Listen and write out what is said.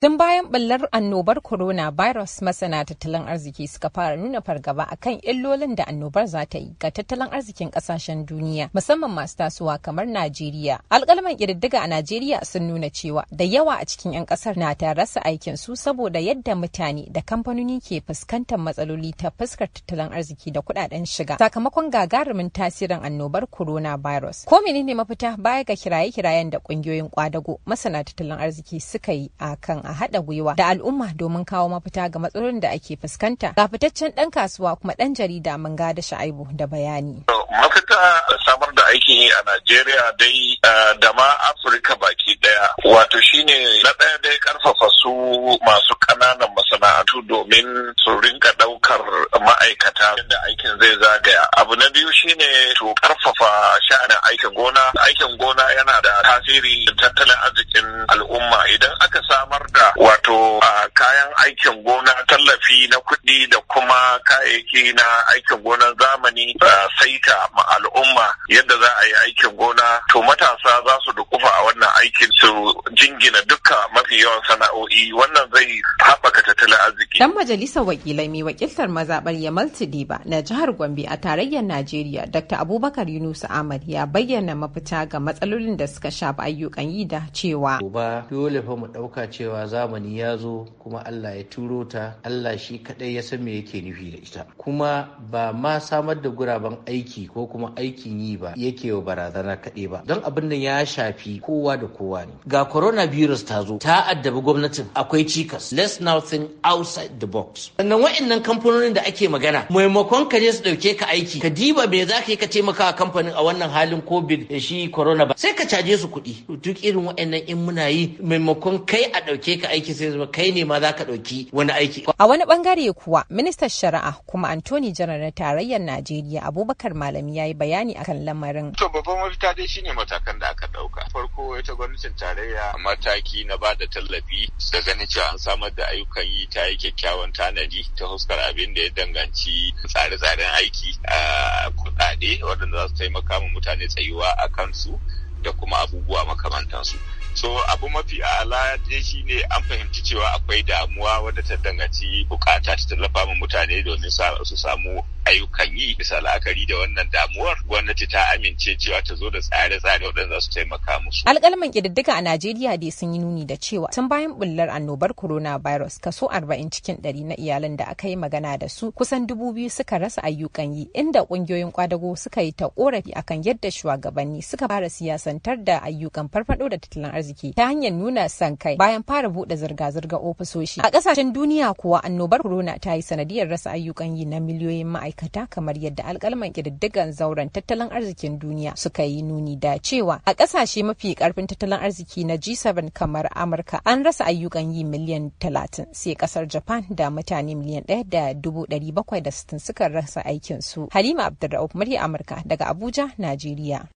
Tun bayan ɓallar annobar coronavirus masana tattalin arziki suka fara nuna fargaba akan illolin da annobar za ta yi ga tattalin arzikin ƙasashen duniya musamman masu tasowa kamar Najeriya. Alƙalman ƙididdiga a Najeriya sun nuna cewa da yawa a cikin 'yan ƙasar na ta rasa aikin su saboda yadda mutane da kamfanoni ke fuskantar matsaloli ta fuskar tattalin arziki da kuɗaɗen shiga sakamakon gagarumin tasirin annobar virus, Ko menene mafita baya ga kiraye-kirayen da ƙungiyoyin ƙwadago masana tattalin arziki suka yi a kan a haɗa gwiwa da al'umma domin kawo mafita ga matsalolin da ake fuskanta ga fitaccen ɗan kasuwa kuma ɗan jarida manga da sha'aibu da bayani. mafita samar da aikin yi a najeriya dai da ma afirka baki ɗaya, wato shine na ɗaya dai karfafa su masu ƙananan masana'antu domin su rinka ɗaukar ma'aikata da aikin zai zagaya abu na biyu shine to karfafa sha'anin aikin gona aikin gona yana da tasiri tattalin arzikin al'umma idan aka samar wato kayan aikin gona tallafi na kuɗi da kuma kayayyaki na aikin gona zamani saita ma al'umma yadda za a yi aikin gona to matasa za su dukufa a wannan aikin su jingina duka mafi yawan sana'o'i wannan zai haɓaka tattalin Dan majalisar wakilai mai wakiltar mazaɓar Yamal Tidiba na jihar Gombe a tarayyar Najeriya Dr. Abubakar Yunus Ahmad ya bayyana mafita ga matsalolin da suka shafi ayyukan yi da cewa. Gobe dole fa mu ɗauka cewa zamani ya zo kuma Allah ya turo ta Allah shi kaɗai ya san me yake nufi da ita. Kuma ba ma samar da guraben aiki ko kuma aikin yi ba yake wa barazana kaɗai ba. Don abin nan ya shafi kowa da kowa ne. Ga coronavirus ta zo ta addabi gwamnatin akwai cikas. Let's now think outside the box sannan wa'annan kamfanonin da ake magana maimakon ka je su ɗauke ka aiki ka diba me za ka yi ka taimaka a kamfanin a wannan halin covid da shi corona ba sai ka caje su kuɗi duk irin wa'annan in muna yi maimakon kai a ɗauke ka aiki sai zama kai ne ma za ka dauki wani aiki a wani bangare kuwa ministan shari'a kuma Antony janar na tarayyar najeriya abubakar malami ya yi bayani akan lamarin to babban mafita dai shine matakan da ɗauka. Farko ita gwamnatin tarayya mataki na ba da tallafi da ganin cewa an samar da ayyukan yi ta yi kyakkyawan tanadi ta huskar abin da ya danganci tsare-tsaren aiki a kuɗaɗe waɗanda za su taimaka ma mutane tsayuwa a kansu da kuma abubuwa makamantansu. so abu mafi ala dai shine an fahimci cewa akwai damuwa wadda ta danganci bukata ta tallafa mutane domin su samu ayyukan yi bisa la'akari da wannan damuwar gwamnati ta amince cewa ta zo da tsare-tsare waɗanda za su taimaka musu. Alƙalman ƙididdiga a Najeriya dai sun yi nuni da cewa tun bayan bullar annobar coronavirus kaso arba'in cikin ɗari na iyalan da aka yi magana da su kusan dubu biyu suka rasa ayyukan yi inda ƙungiyoyin kwadago suka yi ta ƙorafi akan yadda shugabanni suka fara siyasantar da ayyukan farfaɗo da tattalin arziki ta hanyar nuna san kai bayan fara buɗe zirga-zirga ofisoshi. A ƙasashen duniya kuwa annobar corona ta yi sanadiyar rasa ayyukan yi na miliyoyin ma'aikata. ma'aikata kamar yadda alkalman ƙididdigan zauren tattalin arzikin duniya suka yi nuni da cewa a ƙasashe mafi ƙarfin tattalin arziki na G7 kamar Amurka an rasa ayyukan yi miliyan 30 sai ƙasar Japan da mutane miliyan 1,760 suka rasa aikinsu. Halima Abdulrauf murya Amurka daga Abuja, Najeriya.